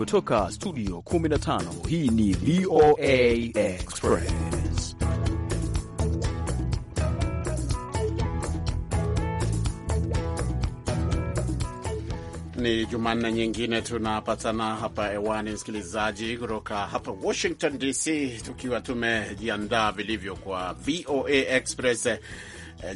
Kutoka studio 15 hii ni VOA Express. Ni Jumanne nyingine tunapatana hapa hewani, msikilizaji, kutoka hapa Washington DC, tukiwa tumejiandaa vilivyo kwa VOA Express. Eh,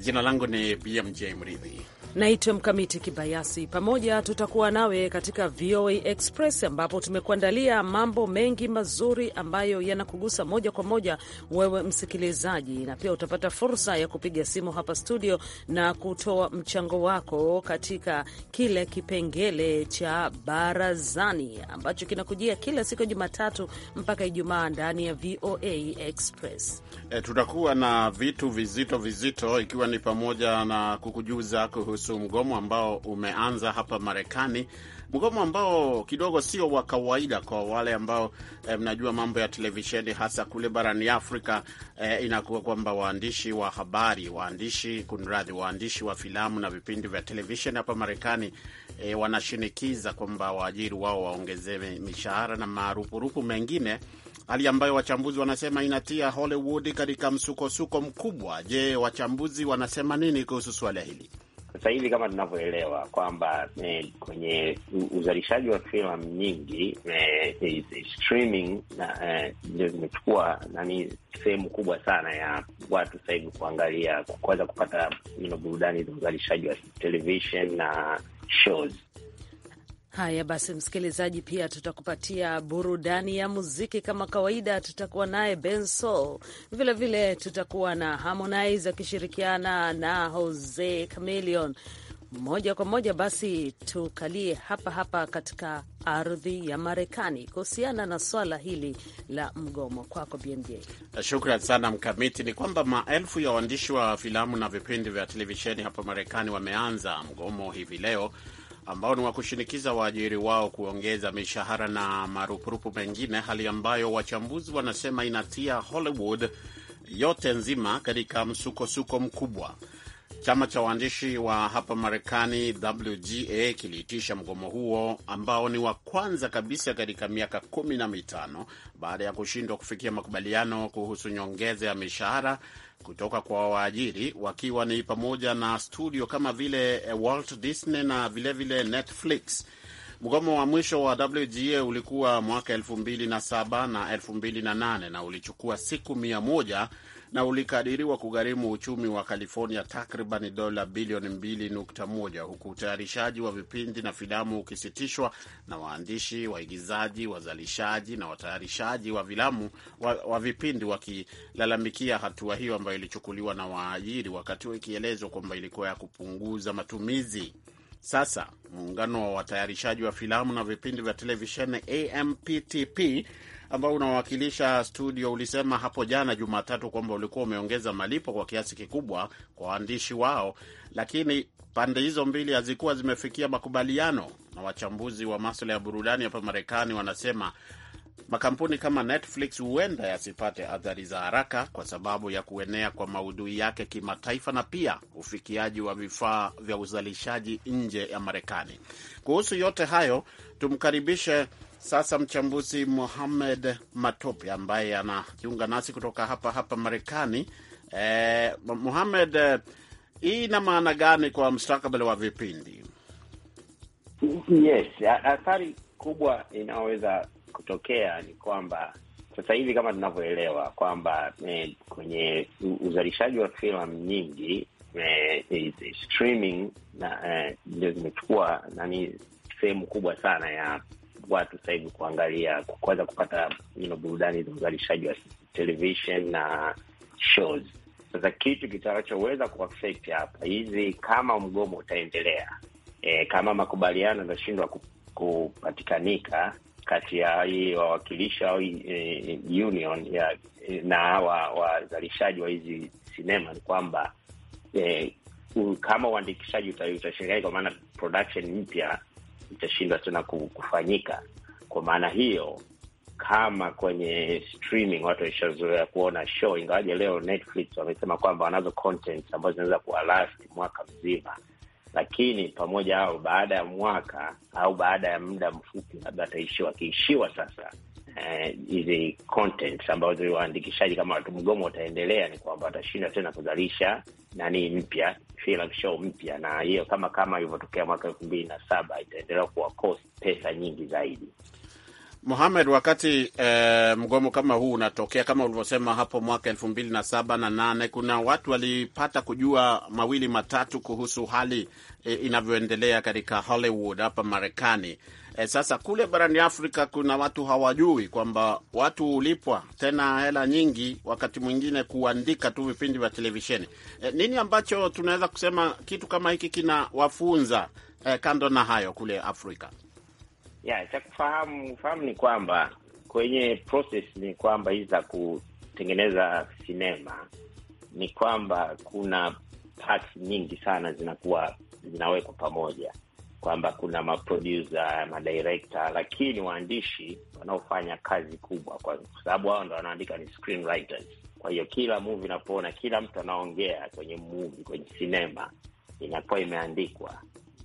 jina langu ni BMJ Mridhi Naitwa Mkamiti Kibayasi. Pamoja tutakuwa nawe katika VOA Express ambapo tumekuandalia mambo mengi mazuri ambayo yanakugusa moja kwa moja wewe msikilizaji, na pia utapata fursa ya kupiga simu hapa studio na kutoa mchango wako katika kile kipengele cha barazani ambacho kinakujia kila siku ya Jumatatu mpaka Ijumaa ndani ya VOA Express. E, tutakuwa na vitu vizito vizito ikiwa ni pamoja na kukujuza kuhusu kuhusu mgomo ambao umeanza hapa Marekani, mgomo ambao kidogo sio wa kawaida kwa wale ambao eh, mnajua mambo ya televisheni hasa kule barani Afrika. Eh, inakuwa kwamba waandishi wa habari, waandishi kunradhi, waandishi wa filamu na vipindi vya televisheni hapa Marekani eh, wanashinikiza kwamba waajiri wao waongezewe mishahara na marupurupu mengine hali ambayo wachambuzi wanasema inatia Hollywood katika msukosuko mkubwa. Je, wachambuzi wanasema nini kuhusu suala hili? sasa hivi kama tunavyoelewa kwamba eh, kwenye uzalishaji wa filamu nyingi eh, streaming eh, ndio eh, zimechukua nani sehemu kubwa sana ya watu sasa hivi kuangalia kuweza kupata ino burudani za uzalishaji wa television na shows Haya basi, msikilizaji, pia tutakupatia burudani ya muziki kama kawaida. Tutakuwa naye benso vilevile tutakuwa na Harmonize akishirikiana na Jose Chameleon. Moja kwa moja basi tukalie hapa hapa katika ardhi ya Marekani kuhusiana na swala hili la mgomo. Kwako BMJ. Shukran sana Mkamiti. Ni kwamba maelfu ya waandishi wa filamu na vipindi vya televisheni hapa Marekani wameanza mgomo hivi leo ambao ni wa kushinikiza waajiri wao kuongeza mishahara na marupurupu mengine, hali ambayo wachambuzi wanasema inatia Hollywood yote nzima katika msukosuko mkubwa. Chama cha waandishi wa hapa Marekani, WGA, kiliitisha mgomo huo ambao ni wa kwanza kabisa katika miaka kumi na mitano baada ya kushindwa kufikia makubaliano kuhusu nyongeza ya mishahara kutoka kwa waajiri wakiwa ni pamoja na studio kama vile eh, Walt Disney na vilevile vile Netflix. Mgomo wa mwisho wa WGA ulikuwa mwaka 2007 na 2008 na ulichukua siku mia moja na ulikadiriwa kugharimu uchumi wa California takribani dola bilioni 2.1 huku utayarishaji wa vipindi na filamu ukisitishwa na waandishi, waigizaji, wazalishaji na watayarishaji wa vilamu wa, wa vipindi wakilalamikia hatua hiyo ambayo ilichukuliwa na waajiri, wakati huo ikielezwa kwamba ilikuwa ya kupunguza matumizi. Sasa muungano wa watayarishaji wa filamu na vipindi vya televisheni AMPTP ambao unawakilisha studio ulisema hapo jana Jumatatu kwamba ulikuwa umeongeza malipo kwa kiasi kikubwa kwa waandishi wao, lakini pande hizo mbili hazikuwa zimefikia makubaliano. Na wachambuzi wa maswala ya burudani hapa Marekani wanasema makampuni kama Netflix huenda yasipate athari za haraka kwa sababu ya kuenea kwa maudhui yake kimataifa na pia ufikiaji wa vifaa vya uzalishaji nje ya Marekani. Kuhusu yote hayo, tumkaribishe sasa mchambuzi Mohamed Matope ambaye anajiunga nasi kutoka hapa hapa Marekani. Eh, Mohamed, eh, hii ina maana gani kwa mustakabali wa vipindi? Yes, athari kubwa inayoweza kutokea ni kwamba sasa hivi kama tunavyoelewa kwamba eh, kwenye uzalishaji wa filamu nyingi eh, eh, streaming na eh, ndio eh, zimechukua nani sehemu kubwa sana ya watu sasa hivi kuangalia kuweza kupata you know, burudani za uzalishaji wa television na shows. Sasa kitu kitakachoweza kuaffect hapa hizi, kama mgomo utaendelea e, kama makubaliano yatashindwa kupatikanika kati ya hii wawakilishi au e, union ya, na wazalishaji wa hizi sinema ni kwamba e, kama uandikishaji utashiria kwa maana production mpya itashindwa tena kufanyika. Kwa maana hiyo, kama kwenye streaming watu waishazoea kuona show, ingawaje leo Netflix wamesema kwamba wanazo content ambazo zinaweza kuwalast mwaka mzima, lakini pamoja au baada ya mwaka au baada ya muda mfupi, labda ataishiwa Wakiishiwa sasa eh, hizi eh, content ambazo waandikishaji kama watu mgomo wataendelea, ni kwamba watashindwa tena kuzalisha nani mpya film show mpya, na hiyo kama kama ilivyotokea mwaka elfu mbili na saba itaendelea kuwa cost pesa nyingi zaidi. muhamed wakati eh, mgomo kama huu unatokea kama ulivyosema hapo mwaka elfu mbili na saba na nane, kuna watu walipata kujua mawili matatu kuhusu hali eh, inavyoendelea katika Hollywood hapa Marekani E, sasa kule barani Afrika kuna watu hawajui kwamba watu hulipwa tena hela nyingi, wakati mwingine kuandika tu vipindi vya televisheni. E, nini ambacho tunaweza kusema kitu kama hiki kinawafunza e, kando na hayo kule Afrika? Ya, cha kufahamu fahamu ni kwamba kwenye process ni kwamba hii za kutengeneza sinema ni kwamba kuna parts nyingi sana zinakuwa zinawekwa pamoja kwamba kuna maprodusa madirekta, lakini waandishi wanaofanya kazi kubwa, kwa sababu hao ndo wanaandika ni screenwriters. Kwa hiyo kila movie napoona kila mtu anaongea kwenye movie, kwenye sinema inakuwa imeandikwa,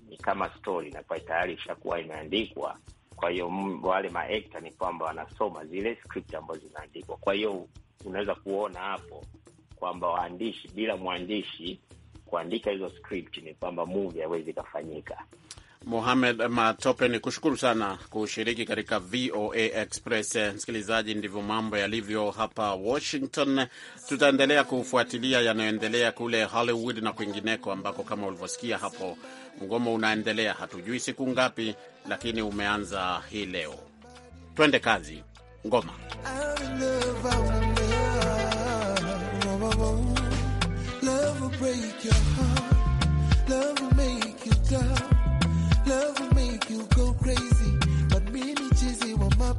ni kama story inakuwa tayari ishakuwa imeandikwa. Kwa hiyo wale maekta ni kwamba wanasoma zile script ambazo zinaandikwa. Kwa hiyo unaweza kuona hapo kwamba waandishi, bila mwandishi kuandika hizo script, ni kwamba movie haiwezi ikafanyika. Mohamed Matope, ni kushukuru sana kushiriki katika VOA Express. Msikilizaji, ndivyo mambo yalivyo hapa Washington. Tutaendelea kufuatilia yanayoendelea kule Hollywood na kwingineko, ambako kama ulivyosikia hapo mgomo unaendelea, hatujui siku ngapi, lakini umeanza hii leo. Twende kazi, ngoma love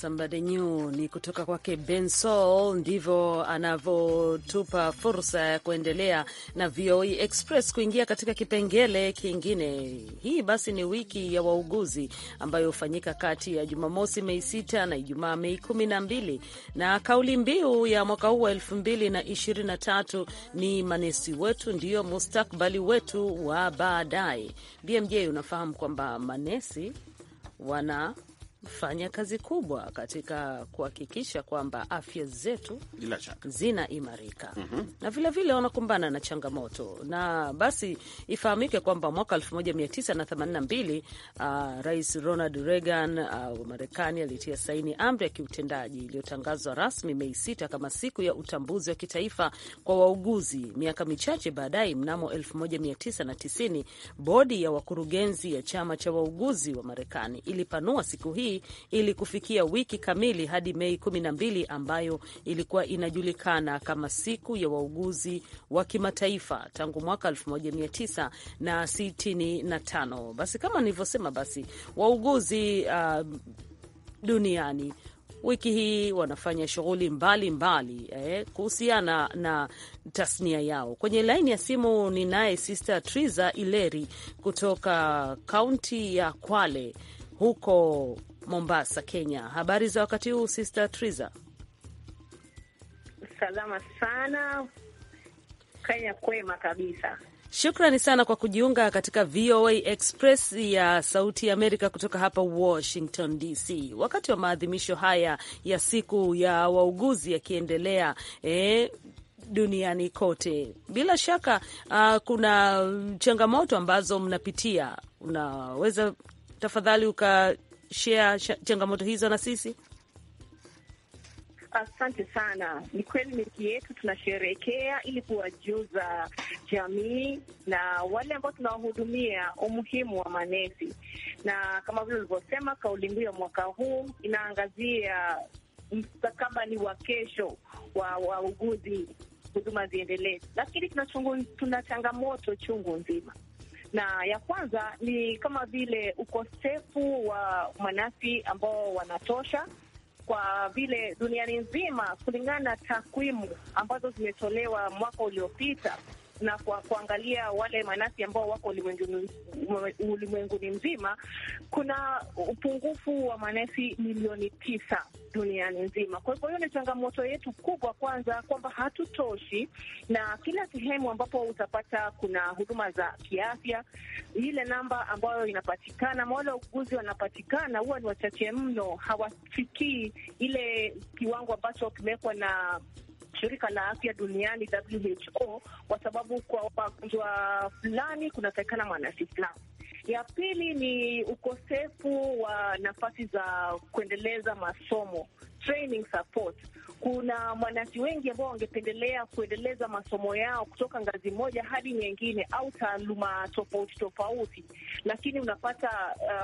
Somebody New ni kutoka kwake Ben Ndivyo anavyotupa fursa ya kuendelea na VOA e Express kuingia katika kipengele kingine. Hii basi ni wiki ya wauguzi ambayo hufanyika kati ya Jumamosi Mei sita na Ijumaa Mei kumi na mbili na kauli mbiu ya mwaka huu wa tatu ni manesi wetu ndiyo mustakbali wetu wa baadaye. BMJ, unafahamu kwamba manesi wana fanya kazi kubwa katika kuhakikisha kwamba afya zetu zinaimarika mm -hmm. na vilevile wanakumbana na changamoto, na basi ifahamike kwamba mwaka 1982 uh, Rais Ronald Reagan uh, wa uh, Marekani alitia saini amri ya kiutendaji iliyotangazwa rasmi Mei 6 kama siku ya utambuzi wa kitaifa kwa wauguzi. Miaka michache baadaye, mnamo 1990 bodi ya wakurugenzi ya chama cha wauguzi wa Marekani ilipanua siku hii hii ili kufikia wiki kamili hadi Mei 12 ambayo ilikuwa inajulikana kama siku ya wauguzi wa kimataifa tangu mwaka 1965. Basi kama nilivyosema, basi wauguzi uh, duniani wiki hii wanafanya shughuli mbalimbali eh, kuhusiana na tasnia yao. Kwenye laini ya simu ni naye Sister Triza Ileri kutoka kaunti ya Kwale huko Mombasa, Kenya. Habari za wakati huu Sister Triza? Salama sana, Kenya kwema kabisa. Shukrani sana kwa kujiunga katika VOA Express ya Sauti ya Amerika kutoka hapa Washington DC. Wakati wa maadhimisho haya ya siku ya wauguzi yakiendelea eh, duniani kote, bila shaka uh, kuna changamoto ambazo mnapitia. Unaweza tafadhali uka share changamoto hizo na sisi? Asante sana. Ni kweli miki yetu tunasherehekea ili kuwajuza jamii na wale ambao tunawahudumia umuhimu wa manesi, na kama vile ulivyosema, kauli mbiu ya mwaka huu inaangazia mstakabali wa kesho wa wauguzi, huduma ziendelee, lakini tuna changamoto chungu nzima na ya kwanza ni kama vile ukosefu wa mwanasi ambao wanatosha kwa vile duniani nzima, kulingana na takwimu ambazo zimetolewa mwaka uliopita, na kwa kuangalia wale manasi ambao wako ulimwenguni mzima, kuna upungufu wa manasi milioni tisa duniani nzima. Kwa hivyo hiyo ni changamoto yetu kubwa, kwanza kwamba hatutoshi, na kila sehemu ambapo utapata kuna huduma za kiafya, ile namba ambayo inapatikana, wale wauguzi wanapatikana huwa ni wachache mno, hawafikii ile kiwango ambacho kimewekwa na shirika la afya duniani WHO, kwa sababu kwa wagonjwa fulani kunatakikana mwanasi fulani. Ya pili ni ukosefu wa nafasi za kuendeleza masomo training support. Kuna mwanasi wengi ambao wangependelea kuendeleza masomo yao kutoka ngazi moja hadi nyingine au taaluma tofauti tofauti, lakini unapata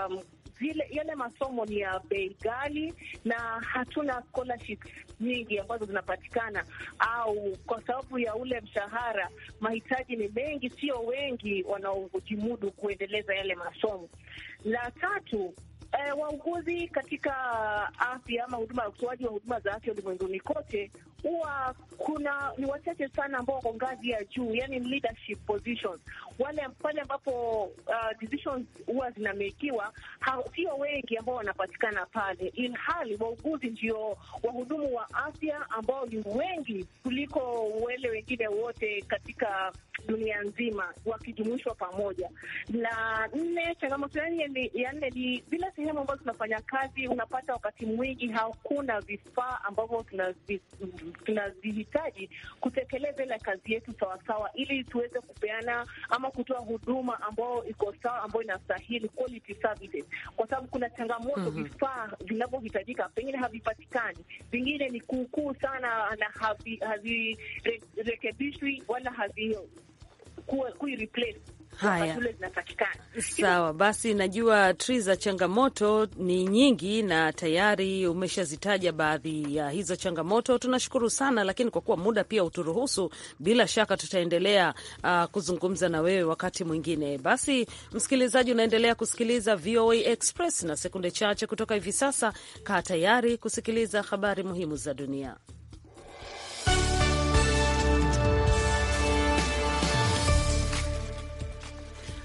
um, zile yale masomo ni ya bei ghali, na hatuna scholarships nyingi ambazo zinapatikana, au kwa sababu ya ule mshahara, mahitaji ni mengi, sio wengi wanaojimudu kuendeleza yale masomo. La tatu E, wauguzi katika afya ama huduma ya utoaji wa huduma za afya ulimwenguni kote huwa kuna ni wachache sana ambao wako ngazi ya juu, yani leadership positions, wale pale ambapo uh, decisions huwa zinamekiwa, sio wengi ambao wanapatikana pale, ilhali wauguzi ndio wahudumu wa afya ambao ni wengi kuliko wale wengine wote katika dunia nzima wakijumuishwa pamoja. La nne, changamoto ya nne ni zile sehemu ambazo tunafanya kazi, unapata wakati mwingi hakuna vifaa ambavyo tuna tunazihitaji kutekeleza ile kazi yetu sawasawa, ili tuweze kupeana ama kutoa huduma ambayo iko sawa, ambayo inastahili quality services, kwa sababu kuna changamoto mm -hmm. Vifaa vinavyohitajika pengine havipatikani, vingine ni kuukuu sana na havirekebishwi havi, re, wala havi kuireplace haya Sawa basi, najua Triza, changamoto ni nyingi na tayari umeshazitaja baadhi ya hizo changamoto. Tunashukuru sana, lakini kwa kuwa muda pia uturuhusu, bila shaka tutaendelea uh, kuzungumza na wewe wakati mwingine. Basi msikilizaji, unaendelea kusikiliza VOA Express na sekunde chache kutoka hivi sasa, kaa tayari kusikiliza habari muhimu za dunia.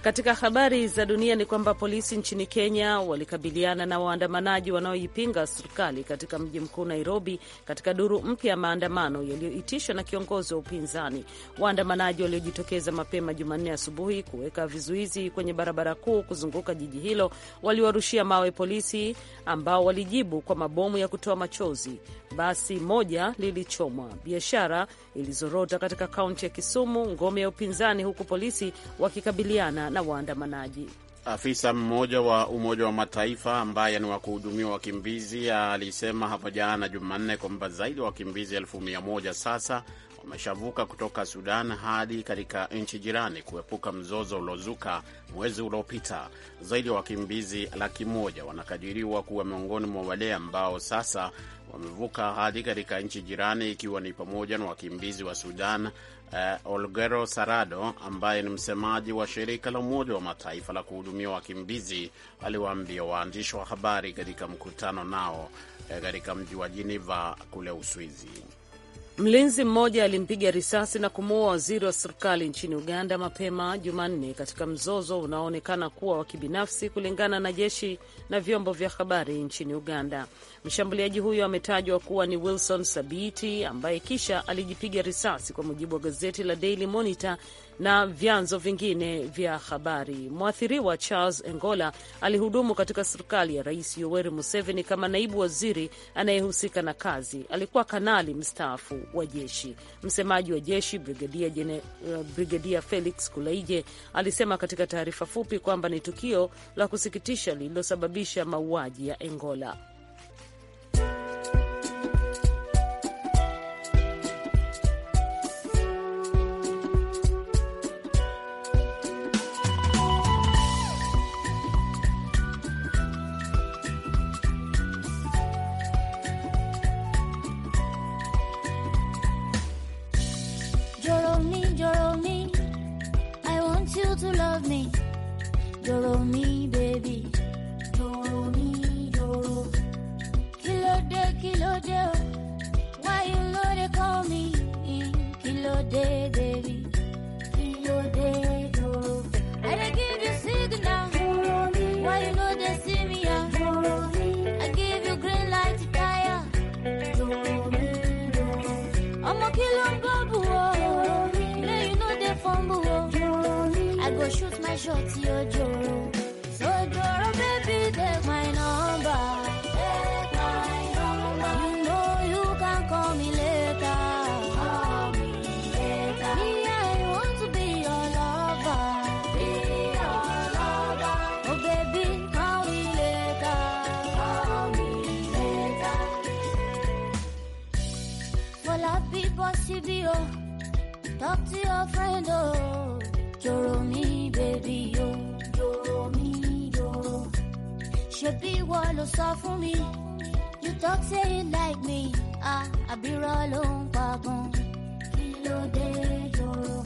Katika habari za dunia ni kwamba polisi nchini Kenya walikabiliana na waandamanaji wanaoipinga serikali katika mji mkuu Nairobi, katika duru mpya ya maandamano yaliyoitishwa na kiongozi wa upinzani. Waandamanaji waliojitokeza mapema Jumanne asubuhi kuweka vizuizi kwenye barabara kuu kuzunguka jiji hilo waliwarushia mawe polisi ambao walijibu kwa mabomu ya kutoa machozi. Basi moja lilichomwa. Biashara ilizorota katika kaunti ya Kisumu, ngome ya upinzani, huku polisi wakikabiliana na waandamanaji. Afisa mmoja wa Umoja wa Mataifa ambaye ni wa kuhudumia wakimbizi alisema hapo jana Jumanne kwamba zaidi ya wakimbizi elfu mia moja sasa wameshavuka kutoka Sudan hadi katika nchi jirani kuepuka mzozo uliozuka mwezi uliopita. Zaidi ya wakimbizi laki moja wanakadiriwa kuwa miongoni mwa wale ambao sasa wamevuka hadi katika nchi jirani, ikiwa ni pamoja na wakimbizi wa Sudan. Uh, Olgero Sarado ambaye ni msemaji wa shirika la Umoja wa Mataifa la kuhudumia wakimbizi aliwaambia waandishi wa habari katika mkutano nao eh, katika mji wa Jiniva kule Uswizi. Mlinzi mmoja alimpiga risasi na kumuua waziri wa serikali nchini Uganda mapema Jumanne katika mzozo unaoonekana kuwa wa kibinafsi kulingana na jeshi na vyombo vya habari nchini Uganda. Mshambuliaji huyo ametajwa kuwa ni Wilson Sabiti ambaye kisha alijipiga risasi, kwa mujibu wa gazeti la Daily Monitor na vyanzo vingine vya habari. Mwathiriwa Charles Engola alihudumu katika serikali ya Rais Yoweri Museveni kama naibu waziri anayehusika na kazi. Alikuwa kanali mstaafu wa jeshi. Msemaji wa jeshi Brigedia, Jene, uh, Brigedia Felix Kulaije alisema katika taarifa fupi kwamba ni tukio la kusikitisha lililosababisha mauaji ya Engola. your friend, oh. Joro me, baby, yo. Oh. Joro mi, yo. Ṣebí wọ́n ló sọ fún mi. You talk say you like me. Ah, I be ló ń pa gan. Kí dé, Joro?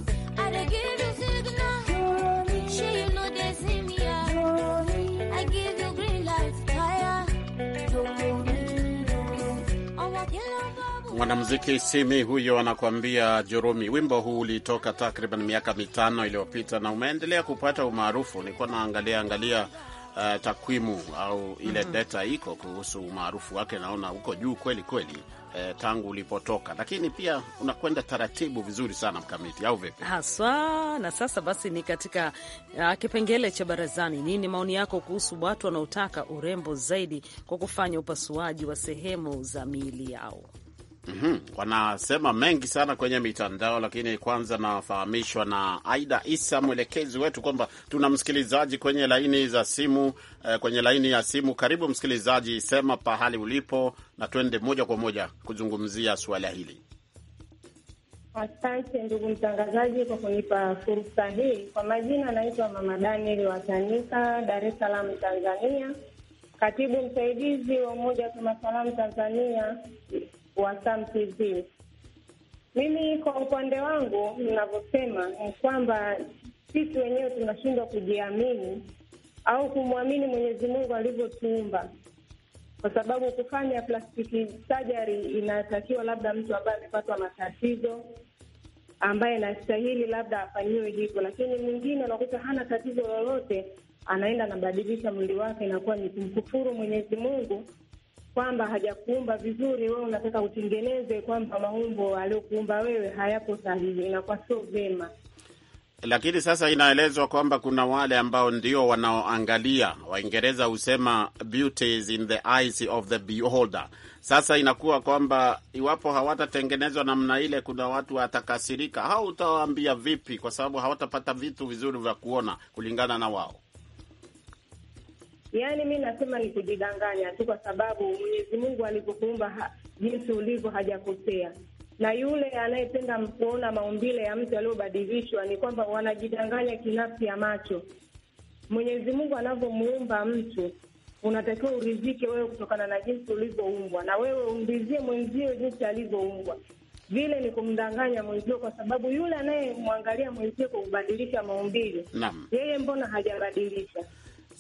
Mwanamuziki Simi huyo anakuambia Jurumi. Wimbo huu ulitoka takriban miaka mitano iliyopita na umeendelea kupata umaarufu. Nilikuwa naangalia angalia uh, takwimu au ile mm -hmm. data iko kuhusu umaarufu wake, naona uko juu kweli kweli eh, tangu ulipotoka, lakini pia unakwenda taratibu vizuri sana mkamiti, au vipi haswa? Na sasa basi ni katika uh, kipengele cha barazani. Nini maoni yako kuhusu watu wanaotaka urembo zaidi kwa kufanya upasuaji wa sehemu za miili yao? Mm -hmm. Wanasema mengi sana kwenye mitandao, lakini kwanza nafahamishwa na Aida Isa mwelekezi wetu kwamba tuna msikilizaji kwenye laini za simu eh, kwenye laini ya simu. Karibu msikilizaji, sema pahali ulipo na twende moja kwa moja kuzungumzia suala hili. Asante ndugu mtangazaji kwa kunipa fursa hii. Kwa majina anaitwa Mama Daniel Watanika, Dar es Salaam, Tanzania, katibu msaidizi wa Umoja wa Kimasalamu Tanzania wa Sam TV. Mimi kwa upande wangu, ninavyosema ni kwamba sisi wenyewe tunashindwa kujiamini au kumwamini Mwenyezi Mungu alivyotuumba, kwa sababu kufanya plastiki sajari inatakiwa labda mtu ambaye amepatwa matatizo ambaye anastahili labda afanyiwe hivyo, lakini mwingine anakuta hana tatizo lolote, anaenda anabadilisha mwili wake, inakuwa ni kumkufuru Mwenyezi Mungu kwamba hajakuumba vizuri, wewe unataka utengeneze kwamba maumbo aliyokuumba wewe hayapo sahihi, inakuwa sio vema. Lakini sasa inaelezwa kwamba kuna wale ambao ndio wanaoangalia. Waingereza husema beauty is in the eyes of the beholder. Sasa inakuwa kwamba iwapo hawatatengenezwa namna ile, kuna watu watakasirika. Hao utawaambia vipi? Kwa sababu hawatapata vitu vizuri vya kuona kulingana na wao. Yaani mi nasema ni kujidanganya tu, kwa sababu Mwenyezi Mungu alivyokuumba jinsi ulivyo hajakosea, na yule anayependa kuona maumbile ya mtu aliyobadilishwa ni kwamba wanajidanganya kinafsi ya macho. Mwenyezi Mungu anavyomuumba mtu unatakiwa urizike wewe kutokana na jinsi ulivyoumbwa, na wewe umrizie mwenzio jinsi alivyoumbwa. Vile ni kumdanganya mwenzio, kwa sababu yule anayemwangalia mwenzio kwa kubadilisha maumbile, yeye mbona hajabadilisha?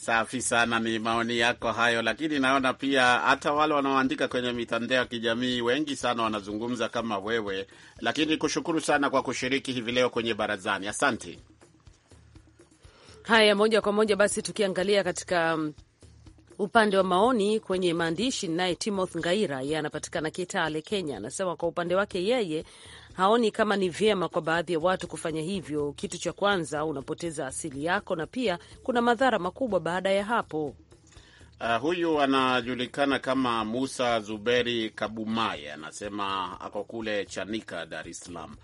Safi sana, ni maoni yako hayo, lakini naona pia hata wale wanaoandika kwenye mitandao ya kijamii wengi sana wanazungumza kama wewe, lakini kushukuru sana kwa kushiriki hivi leo kwenye barazani, asante. Haya, moja kwa moja basi tukiangalia katika mm, upande wa maoni kwenye maandishi, naye timoth Ngaira, yeye anapatikana Kitale, Kenya, anasema kwa upande wake yeye haoni kama ni vyema kwa baadhi ya watu kufanya hivyo. Kitu cha kwanza, unapoteza asili yako na pia kuna madhara makubwa baada ya hapo. Uh, huyu anajulikana kama Musa Zuberi Kabumai, anasema ako kule Chanika, Dar es Salaam.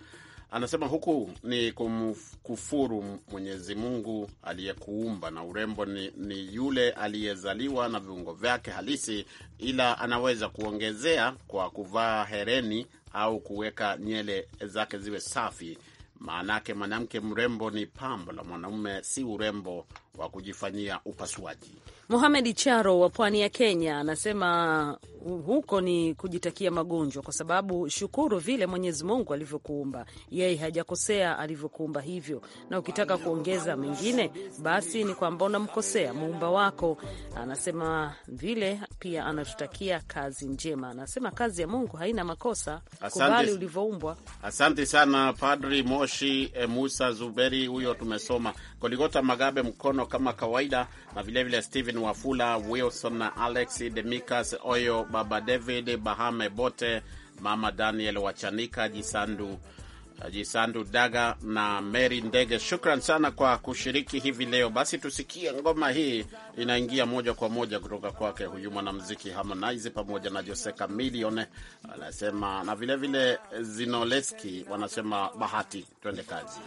Anasema huku ni kumkufuru Mwenyezi Mungu aliyekuumba, na urembo ni, ni yule aliyezaliwa na viungo vyake halisi, ila anaweza kuongezea kwa kuvaa hereni au kuweka nywele zake ziwe safi. Maanake mwanamke mrembo ni pambo la mwanaume si urembo wa kujifanyia upasuaji. Mohamed Charo wa pwani ya Kenya anasema huko ni kujitakia magonjwa, kwa sababu shukuru vile Mwenyezi Mungu alivyokuumba. Yeye hajakosea alivyokuumba hivyo, na ukitaka kuongeza mengine, basi ni kwamba unamkosea muumba wako. Anasema vile pia anatutakia kazi njema. Anasema kazi ya Mungu haina makosa, kubali ulivyoumbwa. Asante sana Padri Moshi eh, Musa Zuberi, huyo tumesoma. Koligota Magabe Mkono kama kawaida, na vilevile Stephen Wafula Wilson na Alex Demicas Oyo, Baba David Bahame Bote, Mama Daniel Wachanika Jisandu eh, Jisandu Daga na Mary Ndege, shukran sana kwa kushiriki hivi leo. Basi tusikie ngoma hii, inaingia moja kwa moja kutoka kwake huyu mwanamuziki Harmonize pamoja na Jose Chameleone anasema, na vilevile Zinoleski wanasema bahati. Twende kazi.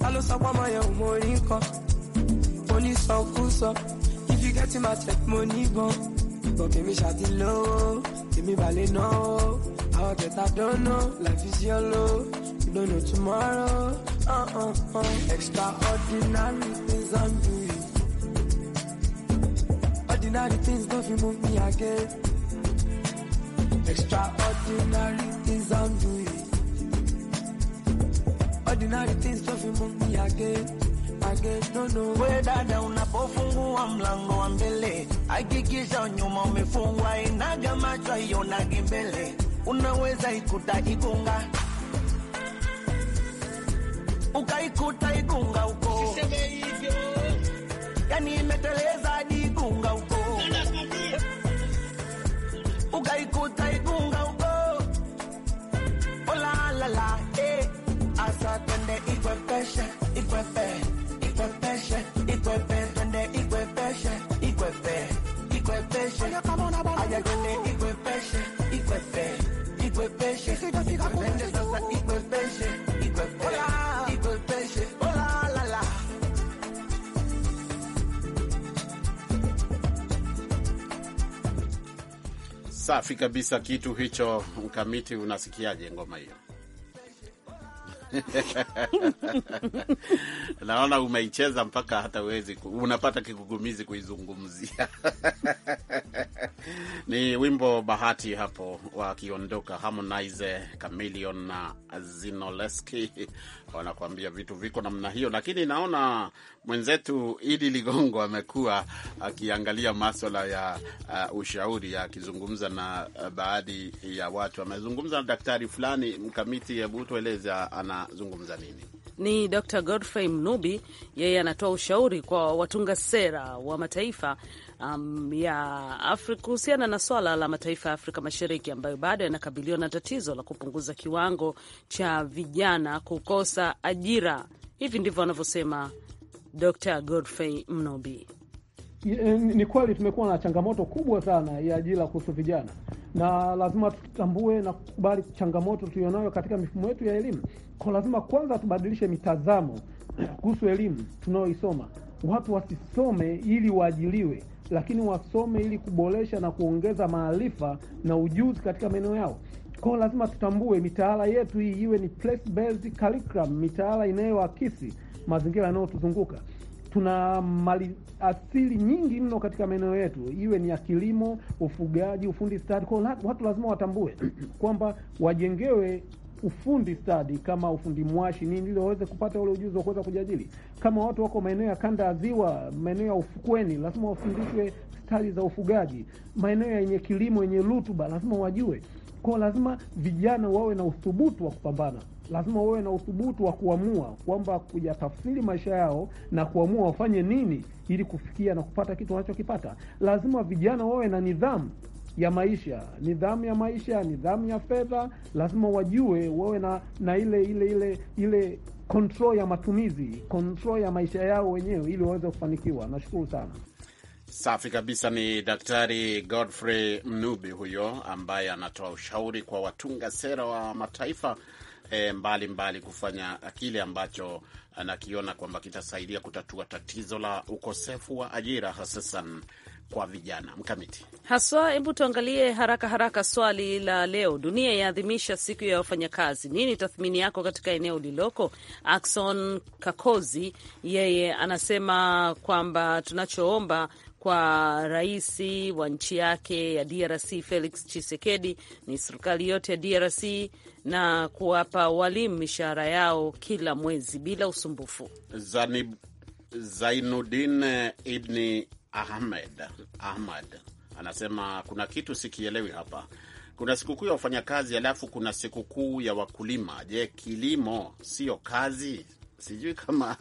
ta ló sọ pọ́nmọ́ yẹn ò Money so nǹkan onísọkúsọ if you get my check mo níbọn ìbọn kèmí ṣàti lówó èmi balẹ̀ náwó don't know. life is yellow. you don't know tomorrow uh -uh -uh. extraordinary things I'm doing ordinary things don't move me again extraordinary things on you. ordinary things no no. We dada, unapofungua mlango wa mbele hakikisha nyuma umefungwa, inaga macho ionage mbele, unaweza ikuta ikunga ukaikuta ikunga huko, yani imeteleza hadi huko, ukaikuta ikunga huko, olalala Safi kabisa kitu hicho. Mkamiti, unasikiaje ngoma hiyo? Naona umeicheza mpaka hata uwezi unapata kigugumizi kuizungumzia. Ni wimbo bahati hapo wakiondoka Harmonize, Chameleon na Zinoleski wanakuambia vitu viko namna hiyo, lakini naona mwenzetu Idi Ligongo amekuwa akiangalia maswala ya uh, ushauri akizungumza na uh, baadhi ya watu. Amezungumza na daktari fulani mkamiti, hebu tueleze anazungumza nini? Ni Dr Godfrey Mnubi, yeye anatoa ushauri kwa watunga sera wa mataifa um, ya kuhusiana na swala la mataifa ya Afrika Mashariki ambayo bado yanakabiliwa na tatizo la kupunguza kiwango cha vijana kukosa ajira. Hivi ndivyo wanavyosema Dr. Godfrey Mnobi. Eh, ni kweli tumekuwa na changamoto kubwa sana ya ajira kuhusu vijana, na lazima tutambue na kukubali changamoto tulionayo katika mifumo yetu ya elimu. Kwa lazima kwanza tubadilishe mitazamo kuhusu elimu tunayoisoma. Watu wasisome ili waajiliwe, lakini wasome ili kuboresha na kuongeza maarifa na ujuzi katika maeneo yao. Kwa lazima tutambue mitaala yetu hii iwe ni place based curriculum, mitaala inayoakisi mazingira yanayotuzunguka. Tuna mali asili nyingi mno katika maeneo yetu, iwe ni ya kilimo, ufugaji, ufundi stadi. Kwa watu lazima watambue kwamba wajengewe ufundi stadi kama ufundi mwashi nini, ili waweze kupata ule ujuzi wa kuweza kujiajiri. Kama watu wako maeneo ya kanda ya ziwa, maeneo ya ufukweni, lazima wafundishwe stadi za ufugaji. Maeneo yenye kilimo yenye rutuba, lazima wajue kwao. Lazima vijana wawe na uthubutu wa kupambana, lazima wawe na uthubutu wa kuamua kwamba kujatafsiri maisha yao na kuamua wafanye nini ili kufikia na kupata kitu wanachokipata. Lazima vijana wawe na nidhamu ya maisha, nidhamu ya maisha, nidhamu ya fedha. Lazima wajue wawe na, na ile ile ile ile control ya matumizi, control ya maisha yao wenyewe ili waweze kufanikiwa. Nashukuru sana. Safi kabisa. Ni Daktari Godfrey Mnubi huyo ambaye anatoa ushauri kwa watunga sera wa mataifa mbalimbali eh, mbali kufanya kile ambacho anakiona kwamba kitasaidia kutatua tatizo la ukosefu wa ajira hususan kwa vijana mkamiti haswa. Hebu tuangalie haraka haraka swali la leo, dunia yaadhimisha siku ya wafanyakazi. Nini tathmini yako katika eneo liloko Akson Kakozi yeye anasema kwamba tunachoomba kwa rais wa nchi yake ya DRC Felix Tshisekedi ni serikali yote ya DRC na kuwapa walimu mishahara yao kila mwezi bila usumbufu. Zanib, Zainudin Ibni Ahmed Ahmad anasema kuna kitu sikielewi hapa. Kuna sikukuu ya wafanyakazi alafu kuna sikukuu ya wakulima. Je, kilimo siyo kazi? Sijui kama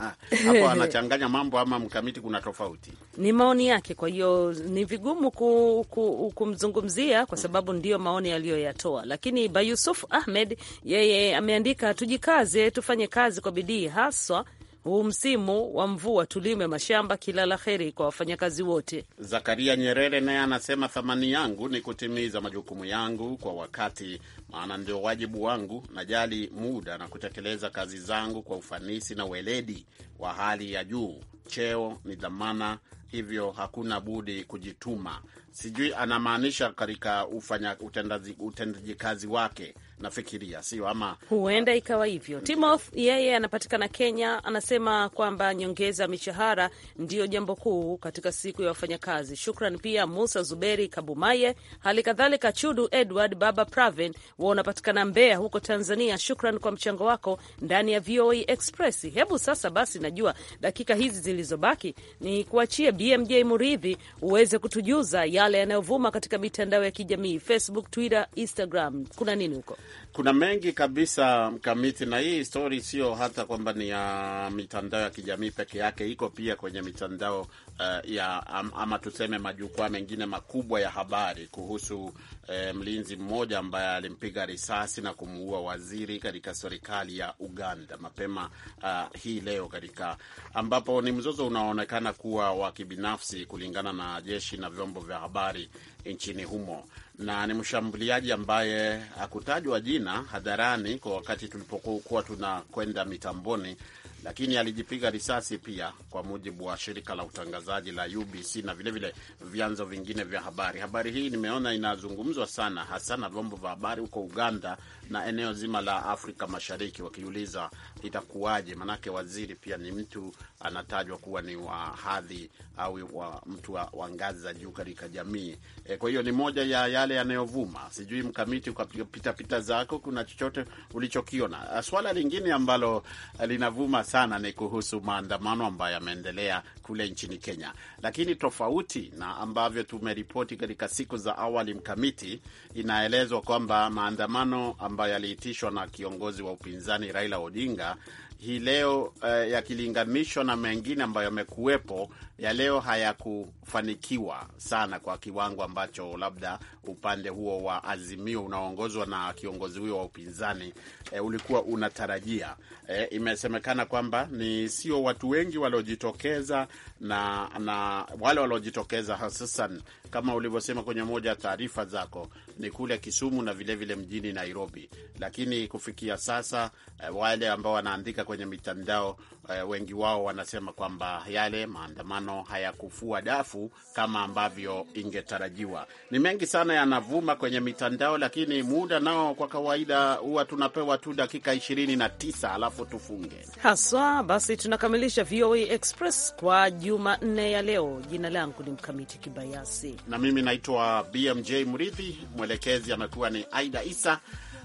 hapo anachanganya mambo ama mkamiti, kuna tofauti. Ni maoni yake, kwa hiyo ni vigumu ku, ku, kumzungumzia kwa sababu ndiyo maoni aliyoyatoa. Lakini Bayusuf Ahmed yeye ameandika, tujikaze, tufanye kazi kwa bidii haswa huu msimu wa mvua tulime mashamba. Kila la heri kwa wafanyakazi wote. Zakaria Nyerere naye anasema thamani yangu ni kutimiza majukumu yangu kwa wakati, maana ndio wajibu wangu. Najali muda na kutekeleza kazi zangu kwa ufanisi na weledi wa hali ya juu. Cheo ni dhamana, hivyo hakuna budi kujituma sijui anamaanisha katika ufanya utendaji, utendaji kazi wake nafikiria sio ama huenda ikawa hivyo. Timoth yeye anapatikana Kenya, anasema kwamba nyongeza mishahara ndiyo jambo kuu katika siku ya wafanyakazi. Shukran pia Musa Zuberi Kabumaye, hali kadhalika Chudu Edward Baba Praven wa unapatikana Mbeya huko Tanzania. Shukran kwa mchango wako ndani ya VOA Express. Hebu sasa basi, najua dakika hizi zilizobaki ni kuachie BMJ Muridhi uweze kutujuza ya yale yanayovuma katika mitandao ya kijamii Facebook, Twitter, Instagram. Kuna nini huko? Kuna mengi kabisa mkamiti, na hii stori sio hata kwamba ni ya mitandao ya kijamii peke yake, iko pia kwenye mitandao uh, ya ama tuseme majukwaa mengine makubwa ya habari kuhusu uh, mlinzi mmoja ambaye alimpiga risasi na kumuua waziri katika serikali ya Uganda mapema uh, hii leo katika ambapo ni mzozo unaoonekana kuwa wa kibinafsi kulingana na jeshi na vyombo vya habari nchini humo na ni mshambuliaji ambaye hakutajwa jina hadharani kwa wakati tulipokuwa tunakwenda mitamboni, lakini alijipiga risasi pia, kwa mujibu wa shirika la utangazaji la UBC na vilevile vyanzo vingine vya habari. Habari hii nimeona inazungumzwa sana, hasa na vyombo vya habari huko Uganda na eneo zima la Afrika Mashariki, wakiuliza itakuwaje, manake waziri pia ni mtu anatajwa kuwa ni wa hadhi au wa mtu wa ngazi za juu katika jamii. E, kwa hiyo ni moja ya yale yale yanayovuma. Sijui mkamiti, kwa pitapita zako, kuna chochote ulichokiona? Ah, swala lingine ambalo ah, linavuma sana ni kuhusu maandamano ambayo yameendelea kule nchini Kenya, lakini tofauti na ambavyo tumeripoti katika siku za awali, mkamiti, inaelezwa kwamba maandamano ambayo yaliitishwa na kiongozi wa upinzani Raila Odinga hii leo uh, yakilinganishwa na mengine ambayo yamekuwepo, ya leo hayakufanikiwa sana kwa kiwango ambacho labda upande huo wa Azimio unaoongozwa na kiongozi huyo wa upinzani uh, ulikuwa unatarajia. Uh, imesemekana kwamba ni sio watu wengi waliojitokeza na na wale waliojitokeza hususan kama ulivyosema kwenye moja ya taarifa zako ni kule Kisumu na vilevile vile mjini Nairobi. Lakini kufikia sasa eh, wale ambao wanaandika kwenye mitandao Eh, wengi wao wanasema kwamba yale maandamano hayakufua dafu kama ambavyo ingetarajiwa. Ni mengi sana yanavuma kwenye mitandao, lakini muda nao kwa kawaida huwa tunapewa tu dakika 29 alafu tufunge haswa. Basi tunakamilisha VOA Express kwa Jumanne ya leo. Jina langu ni Mkamiti Kibayasi na mimi naitwa BMJ Mridhi, mwelekezi amekuwa ni Aida Isa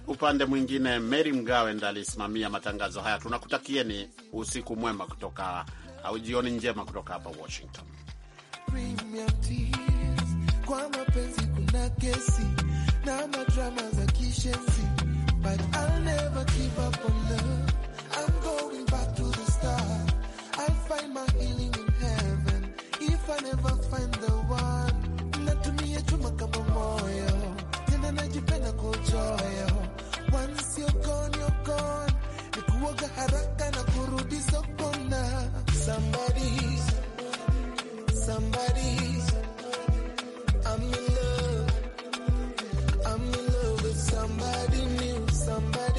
upande mwingine Mary Mgawe ndiye alisimamia matangazo haya. Tunakutakieni usiku mwema kutoka au jioni njema kutoka hapa Washington. Kwa mapenzi kuna kesi na madrama za kishenzi, but I'll never give up on love. I'm going back to the I'll find my healing in heaven if I never find the one. chuma kama moyo tena najipenda Once you're gone, you're gone. Somebody, somebody, I'm in love. I'm in love with somebody new, somebody.